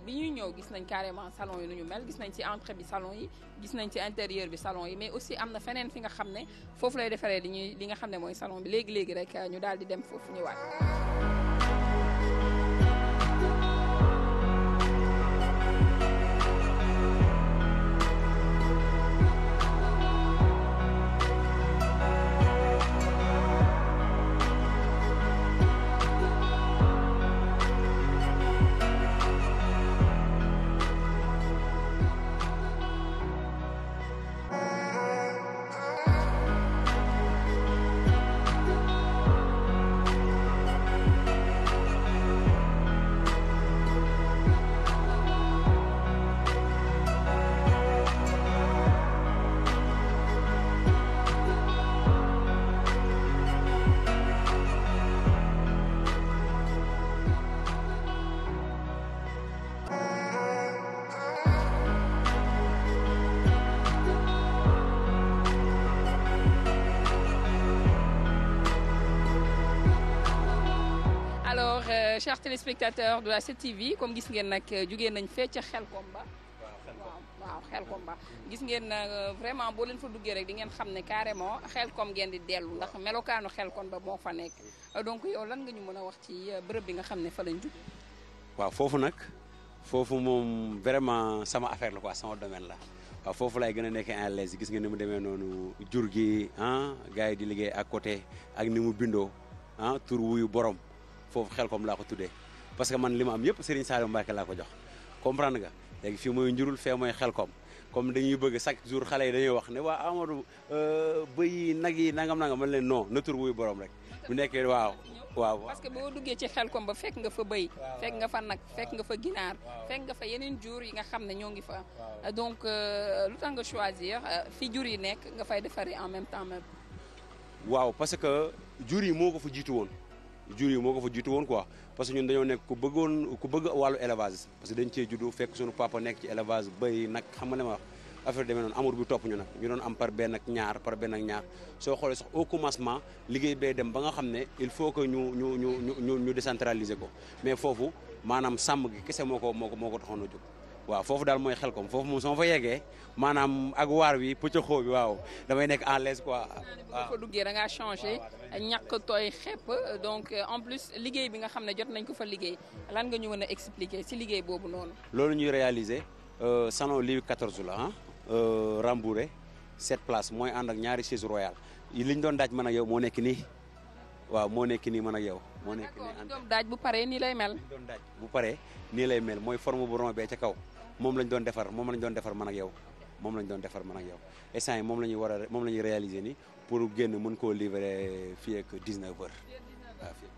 bi ñuy ñëw gis nañ carrément salon yi nu ñu mel gis nañ ci entrée bi salon yi gis nañ ci intérieur bi salon yi mais aussi am na feneen fi nga xam ne foofu lay defaree li ñuy li nga xam ne mooy salon bi léegi léegi rek ñu daal di dem foofu ñëwaat. chers téléspectateurs de la 7TV comme gis ngeen nag euh, jugee nañ fee ca Xelkom ba waaw Xelkom ba gis ngeen euh, vraiment boo leen fa duggee rek di ngeen xam ne carrément Xelkom ngeen di dellu ndax melokaanu xel Xelkom ba moo fa nekk euh, donc yow lan nga ñu mën a wax ci bërëb bi nga xam ne fa lañ jug waaw foofu nag foofu moom vraiment sama affaire la quoi sama domaine la waaw foofu laay gën a nekk en l'aise gis nga ni mu demee noonu jur gi ah yi di liggéey à côté ak ni mu bindoo ah tur borom foofu xel kom laa ko tuddee parce que man li ma am yëpp Serigne Saliou Mbacke laa ko jox comprendre nga léegi fii mooy njurul fee mooy xel kom comme dañuy bëgg chaque jour xale yi wax ne waa Amadou euh, bëy nag yi nangam nangam man leen non na tur wuy borom rek bu nekkee waaw waaw parce que boo duggee ci xel kom ba fekk nga fa bëy fekk nga fa nag fekk nga fa ginaar fekk nga fa yeneen jur yi nga xam ne ñoo ngi fa donc euh, lu tax nga choisir euh, fi jur yi nekk nga fay defaree en même temps waaw parce que jur yi moo ko fa jiitu woon jur moo ko fa jiitu woon quoi parce que ñun dañoo nekk ku bëggoon ku bëgg wàllu élevage parce que dañ cee juddu fekk suñu papa nekk ci élevage béy nag xam nga li ma wax affaire noonu amour bi topp ñu nag ñu doon am par benn ñaar par benn ak ñaar soo xoolee sax au commencement liggéey bay dem ba nga xam ne il faut que ñu ñu ñu ñu ñu décentraliser ko mais foofu maanaam sàmm gi kese moo ko moo ko moo ko taxoon a jóg waaw foofu daal mooy xelkom foofu moom soo fa yeggee maanaam ak waar wi pëccëxoo bi waaw damay nekk en l'aise quoi. waaw fa duggee da ngaa changé ñàkk tooy xepp donc en plus liggéey bi nga xam ne jot nañ ko fa liggéey lan nga ñu mën a expliquer si liggéey boobu noonu. loolu ñuy réaliser euh, salon Louis XIV la ah euh, Rambouré sept places mooy ànd ak ñaari chaise royale yi liñ doon daaj man a yow moo nekk nii waaw moo nekk nii man a yow. moo nekk nii ànd doom daaj bu paree nii lay mel. bu paree nii lay mel mooy forme bu rond bee kaw. moom lañ doon defar moom lañ doon defar man ak yow moom lañ doon defar man ak yow instant yi moom la ñuy war a moom la ñuy réaliser ni pour génn mën koo livrer fii ak 19 heures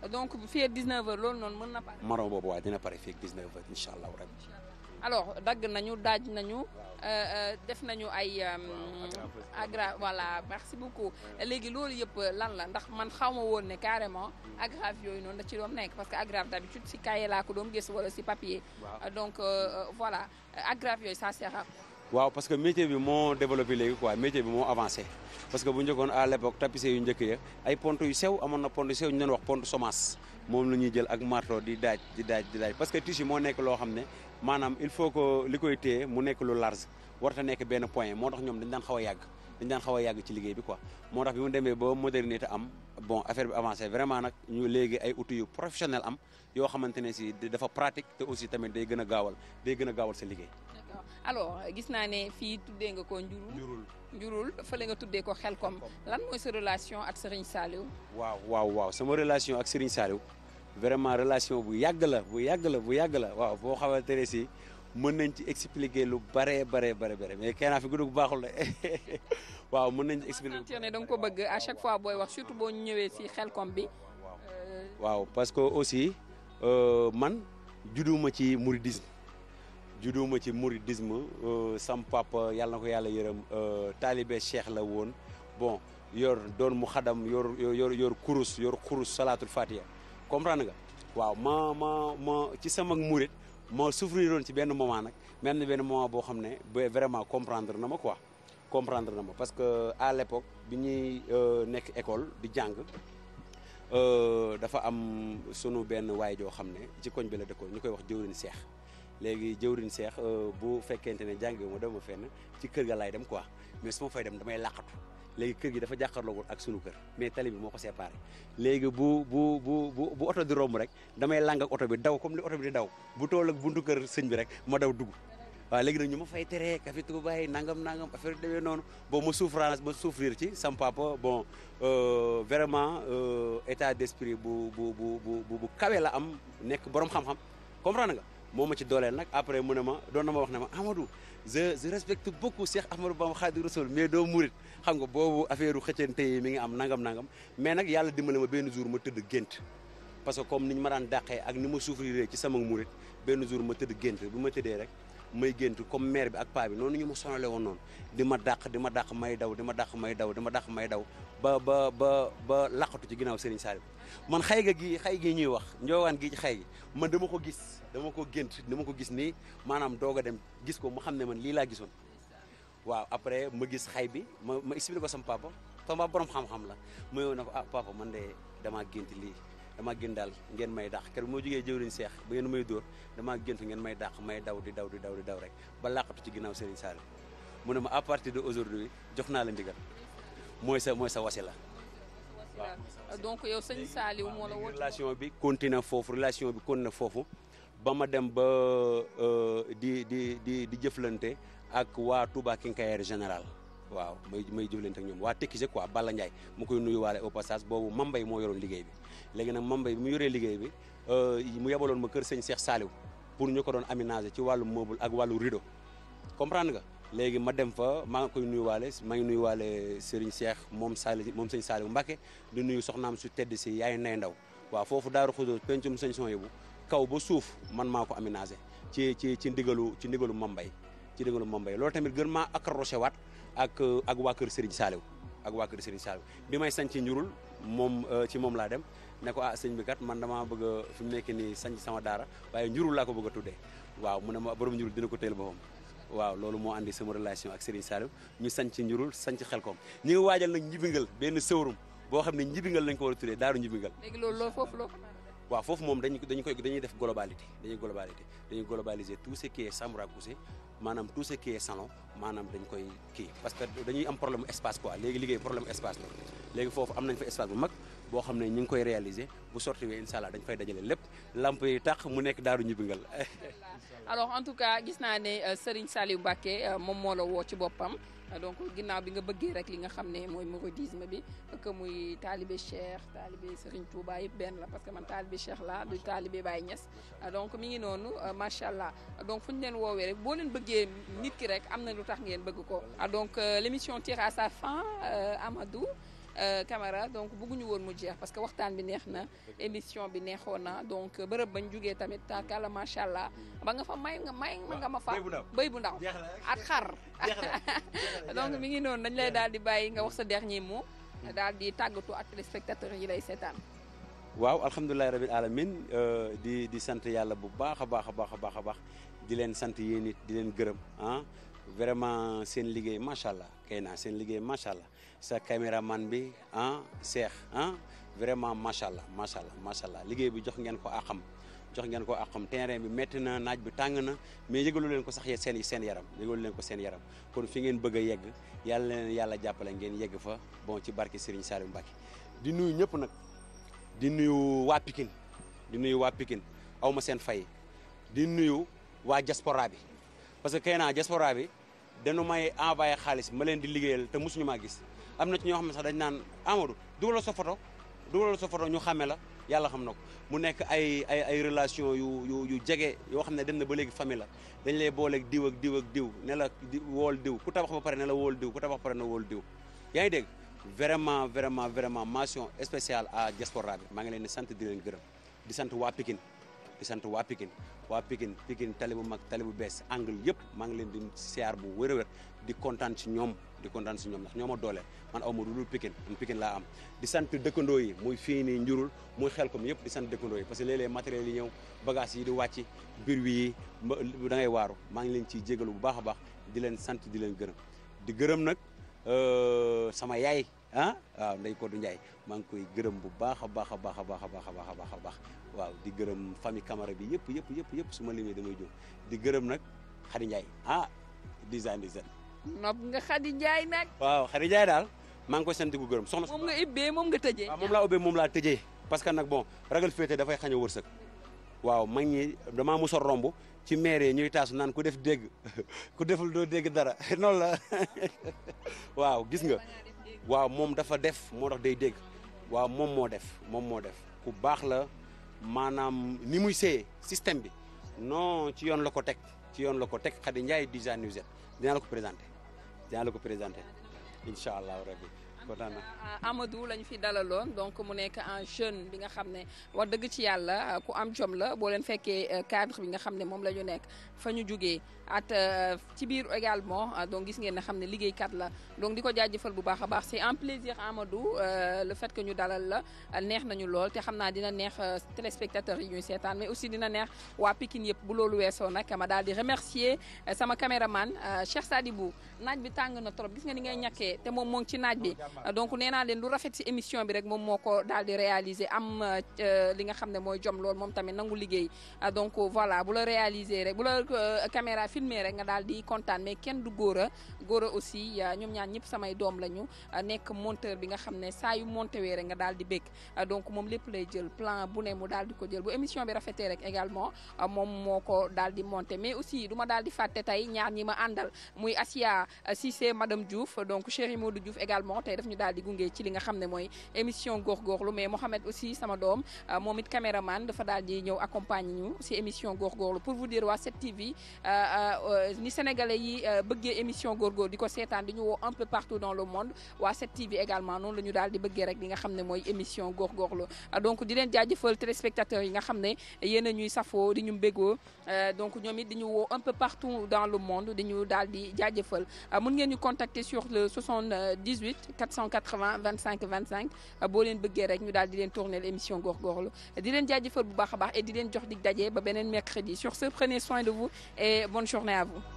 waaw donc fii ak 19 heures loolu noon mën na pare. maroon boobu waaye dina pare fii ak 19 heures incha allahu alors dagg nañu daaj nañu euh, euh, def nañu ay euh, aggra voilà merci beaucoup léegi loolu yëpp lan la ndax man xaw ma woon ne carrément aggrave yooyu noonu da ci doon nekk parce que aggrave d'habitude si cahier laa ko doon gis wala si papier donc voilà aggrave yooyu ça sert waaw parce que métier bi moo développé léegi quoi métier bi moo avancé parce que bu njëkkoon à l'époque tapissier yu njëkk ya ay pont yu sew amoon na pont yu sew ñu doon wax pont semence moom la ñuy jël ak marteau di daaj di daaj di daaj parce que tissu moo nekk loo xam maanaam il faut que li koy téye mu nekk lu large warta nekk benn point moo tax ñoom dañ daan xaw a yàgg dañ daan xaw a yàgg ci liggéey bi quoi moo tax bi mu demee ba modernité am bon affaire bi avancé vraiment nag ñu léegi ay outils yu professionnel am yoo xamante ne si dafa pratique te aussi tamit day gën a gaawal day gën a gaawal sa liggéey. d'accord alors gis naa ne fii tuddee nga ko njurul njurul njurul fële nga tuddee ko xel xelkom lan mooy sa relation ak Serigne saaliw waaw waaw sama relation ak Serigne Saliou. vraiment relation bu yàgg la bu yàgg la bu yàgg la waaw boo xamante ne si mën nañ ci expliquer lu bare bare bare bare mais kenn fi guddu bu baaxul la waaw mën nañ ci expliquer ne da nga ko bëgg à chaque fois booy wax surtout boo ñëwee si xelkom bi. Euh, waaw parce que aussi euh, man judduma ci mouridisme judduma ci mouridisme euh, sam papa yàlla na ko yàlla yërëm taalibe cheikh la woon bon yor doon mu xadam yor yor yor kurus yor kurus salaatul fatiha. comprendre nga waaw ma ma ma ci sama murit ma souffrir ci benn moment nag mel na benn moment boo xam ne ba vraiment comprendre na ma quoi comprendre na ma parce que à l'époque bi ñuy euh, nekk école di jàng euh, dafa am sunu benn waay joo xam ne ci koñ bi la dëkkoon ñu koy wax jëwriñ seex léegi jëwriñ seex euh, bu fekkente ne jàngi ma dem ma fenn ci kër ga laay dem quoi mais su ma fay dem damay làqatu léegi kër gi dafa jàkkaarloogul ak sunu kër mais tali bi moo ko séparé léegi bu bu bu bu oto di romb rek damay làng ak oto bi daw comme li oto bi di daw bu tool ak buntu kër sëñ bi rek ma daw dugg waa léegi nag ñu ma fay tere kafe Touba yi nangam nangam affaire yu demee noonu boo ma souffrance ma souffrir ci sam papa bon euh, vraiment euh, état d'esprit bu bu bu bu bu kawe la am nekk borom xam-xam na nga moo ma ci dooleel nag après mu ne ma doon na ma wax ne ma Amadou. je respecte respecte beaucoup Cheikh Ahmadou Bamba Khadimou Rassoul mais doo murit xam nga boobu affaire xëccante yi mi ngi am nangam nangam mais nag yàlla dimbale ma benn jour ma tëdd gént parce que comme ni ñu ma daan dàqee ak ni ma souffrir ci sama murit benn jour ma tëdd gént bi ma tëddee rek may gént comme mère bi ak paa bi noonu ñu ma sonale woon noonu di ma dàq di ma dàq may daw di ma dàq may daw di ma may daw ba ba ba ba laqatu ci ginnaaw Serigne Saliou man xay ga gi xay gi ñuy wax njoowaan gi ci xay man dama ko gis dama ko gént dama ko gis nii maanaam doog a dem gis ko mu xam ne man lii laa gisoon waaw après ma gis xay bi ma ma expliqué ko sama papa sama borom xam-xam la ma yow na ko ah papa man de damaa gént lii damaa gént daal ngeen may dàq kër moo jógee jëwriñ seex ba ngeen may dóor damaa gént ngeen may dàq may daw di daw di daw di daw rek ba laqatu ci ginnaaw Serigne Saliou mu ne ma à partir de aujourd'hui jox naa la ndigal mooy sa mooy sa wasila donc yow sëñ Saliou moo la woo relation bi continué foofu relation bi continué foofu ba ma dem ba euh, di di di di jëflante ak waa Touba Kinkayar général waaw may may jëflante ak ñoom waa Tekise quoi Balla Ndiaye mu koy nuyuwaale au passage boobu Mambay moo yoroon liggéey bi léegi nag Mambay bi mu yoree liggéey bi euh, mu yebaloon ma kër sëñ Cheikh Saliou pour ñu ko doon aménager ci wàllu meuble ak wàllu rido comprendre nga léegi ma dem fa maa ngi koy nuyuwaale maa ngi nuyuwaale Serigne Cheikh moom Saliou moom sëñ Saliou Mbacke di nuyu soxnaam su tedd si yaay Ndey Ndaw waaw foofu Daaru Xudoos pencum sëñ Soyebu kaw ba suuf man maa ko aménagé ci ci ci ndigalu ci ndigalu Mambay ci ndigalu Mambay loolu tamit gën maa accroché waat ak ak waa kër Serigne Saliou ak waa kër Serigne bi may sañ ci njurul moom euh, ci moom laa dem ne ko ah sëñ bi kat man damaa bëgg fu fi mu nekk nii sañ sama daara waaye njurul laa ko bëgg a waaw mun ne ma borom njurul dina ko teel boppam waaw loolu moo andi sama relation ak Serigne Saliou ñu sanc njurul sanc xelkom ñu ngi waajal nag njibingal benn sëwrum boo xam ne njibingal nañ ko war a tuddee daaru njibingal léegi loolu loolu foofu loo waaw foofu moom dañu dañu koy dañuy def globalité dañuy globalité dañuy globaliser tout ce qui est samoura couché maanaam tout ce qui est maanaam dañ koy kii parce que dañuy am problème espace quoi léegi liggéey problème espace la foofu am nañ fa espace bu mag boo xam ne ñu ngi koy réaliser bu sorti wee incha dañ fay dajale lépp lamp yi tax mu nekk daaru njibingal alors en tout cas gis naa ne euh, Serigne Saliou Mbacké euh, moom moo la woo ci boppam euh, donc ginnaaw bi nga bëggee rek li nga xam ne mooy mouridisme bi que muy taalibe Cheikh taalibe Serigne Touba yëpp benn la parce que man taalibe Cheikh la du taalibee Baye Niass donc mi ngi noonu macha allah donc fu ñu leen woowee rek boo leen bëggee nit ki rek am na lu tax ngeen bëgg ko donc l'émission tire à sa fin Amadou Euh, Camara donc bëgguñu woon mu jeex parce que waxtaan bi neex na émission bi neexoon na donc bërëb bañ jugee tamit tàkala macha allah ba nga fa may nga may nga ma fa béy bu ndaw at xar donc mi ngi noonu dañ lay daal di bàyyi nga wax sa dernier mot hmm. daal di tàggatu ak téléspectateurs yi lay seetaan waaw alhamdulilahi rabil alamin euh, di di sant yàlla bu baax a baax a baax a baax a baax di leen sant yéen it di leen gërëm ah vraiment seen liggéey macha allah kay naa seen liggéey macha allah sa man bi ah seex ah vraiment macha allah macha allah macha allah liggéey bi jox ngeen ko àqam jox ngeen ko àqam terrain bi métti na naaj bi tàng na mais yëgalu leen ko sax seen seen yaram yëgalu leen ko seen yaram kon fi ngeen bëgg a yegg yàlla leen yàlla jàppale ngeen yegg fa bon ci barke Serigne Saliou Mbacké di nuyu ñëpp nag di nuyu waa Pikine di nuyu waa Pikine aw ma seen fay di nuyu waa diaspora bi parce que kay naa diaspora bi dañu may envoyé xaalis ma leen di liggéeyal te mosuñu maa gis am na ci ñoo xam ne sax dañ naan Amadou dugalal sa photo dugalal ñu xàmme la yàlla xam na ko mu nekk ay ay ay relation yu yu yu jege yoo xam ne dem na ba léegi famille la dañ lay booleeg diw ak diw ak diw ne la wool diw ku tabax ba pare ne la wool diw ku tabax ba pare ne wool diw yaa ngi dégg vraiment vraiment vraiment mention spéciale à maa ngi leen di sant di leen gërëm di sant waa Pikine di sant waa Pikine waa Pikine mag tali bu bees angle yëpp maa ngi leen di siyaar bu wér a wér di kontaan si ñoom di kontaan ci ñoom ndax ñoo ma doole man aw ma lu dul Pikine man Pikine laa am di sant dëkkandoo yi muy fii nii njurul muy xel kom yëpp di sant dëkkandoo yi parce que léeg-léeg matériels yi ñëw bagages yi di wàcc biir wi yi da ngay waaru maa ngi leen ciy jégalu bu baax a baax di leen sant di leen gërëm di gërëm nag euh, sama yaay ah waaw Ndeye Codou Ndiaye maa ngi koy gërëm bu baax a baax a baax a baax a baax a baax a baax waaw di gërëm famille Camara bi yëpp yëpp yëpp yëpp su ma limee damay jóg di gërëm nag Khady Ndiaye ah design design nag nga Khady Ndiaye nag. waaw Khady Ndiaye daal maa ngi koy sant gu gërëm soxna. moom nga ubbee moom nga tëjee. waaw moom laa ubbee moom laa tëjee parce que nag bon ragal féete dafay xañ a wërsëg. waaw mag ñi damaa mos romb ci maire yi ñuy taasu naan ku def dégg ku deful doo dégg dara noonu la waaw gis nga. waaw moom dafa def moo tax day dégg waaw moom moo def moom moo def ku baax la maanaam ni muy seeyee système bi non ci yoon la ko teg ci yoon la ko teg Khady Ndiaye dija Newsnet dinaa la ko dinaa la ko présenté incha allahu rabbi kontaan na ah, Amadou lañ fi dalaloon donc mu nekk un jeune bi nga xam ne wax dëgg ci yàlla ku am jom la boo leen fekkee euh, cadre bi nga xam ne moom la ñu nekk fa ñu jugee at euh, ci biir également euh, donc gis ngeen ne xam ne liggéeykat la donc di ko jaaj jaajëfal bu baax a baax c'est un plaisir Amadou euh, le fait que ñu dalal la neex nañu lool te xam naa dina neex téléspectateurs yi ñuy seetaan mais aussi dina neex waa Pikine yëpp bu loolu weesoo nag ma daal di remercier sama caméraman Cheikh Sadibou naaj bi tàng na trop gis nga ni ngay ñàkkee te moom moo ci naaj bi donc neena naa leen lu rafet ci émission bi rek moom moo ko daal di réaliser am li nga xam ne mooy jom moom tamit nangu liggéey filmé rek nga daal di kontaan mais kenn du góor a góor a aussi euh, ñoom ñaan ñëpp samay doom lañu euh, nekk monteur bi nga xam ne saa yu monté wee rek nga daal di bég euh, donc moom lépp lay jël plan bu ne mu daal di ko jël bu émission bi rafetee rek également moom moo ko dal di monte mais aussi du ma daal di fàtte tey ñaar ñi ma àndal muy Asia Cissé madame Diouf donc moo du Diouf également tey def ñu daal di gunge ci li nga xam ne mooy émission góorgóorlu mais Mohamed aussi sama doom moom it caméraman dafa daal di ñëw accompagner si émission góorgóorlu Euh, ni sénégalais yi euh, bëggee émission góorgóor di ko seetaan di ñu woo un peu partout dans le monde waa 7TV également noonu la ñu daal di bëggee rek li nga xam ne mooy émission góorgóorlu euh, donc di leen jaajëfal téléspectateurs yi nga xam ne yéen a ñuy safoo di ñu mbégoo donc ñoom it di ñu woo un peu partout dans le monde di ñu daal di jaajëfal mun ngeen ñu contacter sur le 78 480 25 25 boo leen bëggee rek ñu daal di leen tourner l'émission góorgóorlu di leen jaajëfal bu baax a baax et di leen jox dig daje ba beneen mercredi sur ce prenez soin de vous et journée à vous.